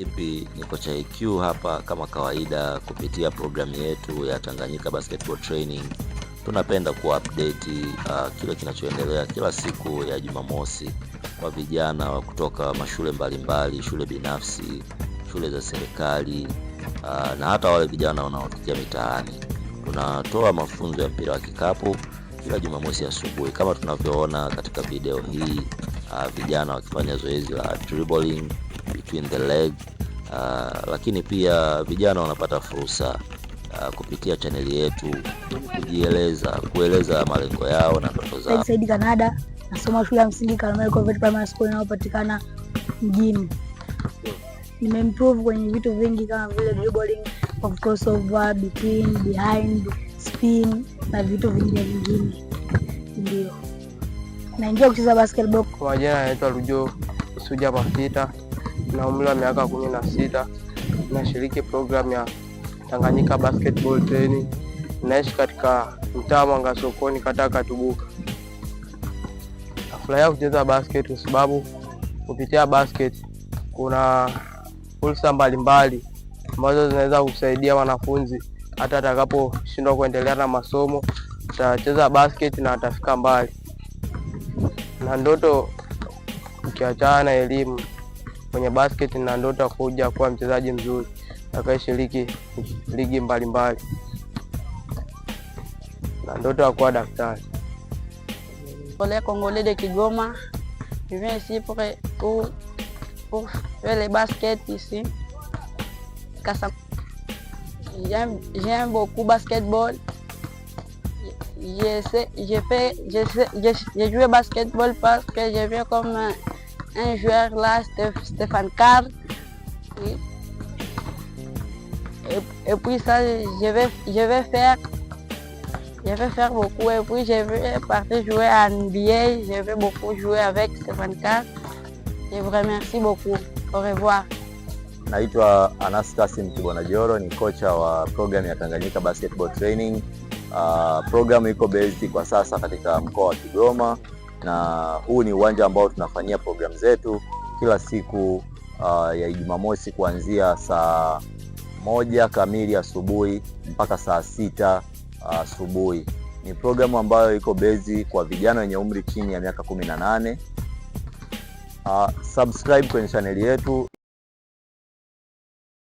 Ipi ni kocha IQ hapa kama kawaida, kupitia programu yetu ya Tanganyika Basketball Training tunapenda kuupdate uh, kile kinachoendelea kila siku ya Jumamosi kwa vijana wa kutoka mashule mbalimbali mbali, shule binafsi, shule za serikali uh, na hata wale vijana wanaotokea mitaani. Tunatoa mafunzo ya mpira wa kikapu kila Jumamosi asubuhi kama tunavyoona katika video hii uh, vijana wakifanya zoezi la dribbling between the leg uh, lakini pia vijana wanapata fursa uh, kupitia chaneli yetu kujieleza, kueleza malengo yao na ndoto zao. Said Kanada nasoma shule ya msingi Karmel Convent Primary School inayopatikana mjini. Nimeimprove kwenye vitu vingi kama vile dribbling, of course, over, between, behind, spin na vitu vingine vingine, ndio naingia kucheza basketball. Kwa jina naitwa Lujo Suja Pakita na umri wa miaka kumi na sita. Nashiriki programu ya Tanganyika Basketball Training. Naishi katika mtaa Mwanga Sokoni, kata Katubuka. Nafurahia kucheza basket kwa sababu kupitia basket kuna fursa mbalimbali ambazo zinaweza kusaidia wanafunzi hata atakaposhindwa kuendelea na masomo, atacheza basket na atafika mbali na ndoto, ukiachana na elimu kwenye basket na ndoto kuja kuwa mchezaji mzuri atakayeshiriki ligi mbalimbali na ndoto ya kuwa daktari. Ole Kongole de Kigoma vivyo si pour pour faire le basket ici. kasa J'aime beaucoup basketball. Je sais, je fais, je sais, je, je joue basketball parce que je viens comme un joueur là, Stéphane Carr. Oui. Et, et, puis ça, je vais, je vais faire. Je vais faire beaucoup et puis je vais partir jouer à NBA. Je vais beaucoup jouer avec Stéphane Carr. Je vous remercie beaucoup. Au revoir. Naitwa Anastasi Mkibonajoro, ni kocha wa programu ya Tanganyika Basketball Training. Uh, ah, programu iko based kwa sasa katika mkoa wa Kigoma na huu ni uwanja ambao tunafanyia programu zetu kila siku uh, ya Jumamosi kuanzia saa moja kamili asubuhi mpaka saa sita uh, asubuhi. Uh, ni programu ambayo iko bezi kwa vijana wenye umri chini ya miaka kumi na nane. Uh, subscribe kwenye chaneli yetu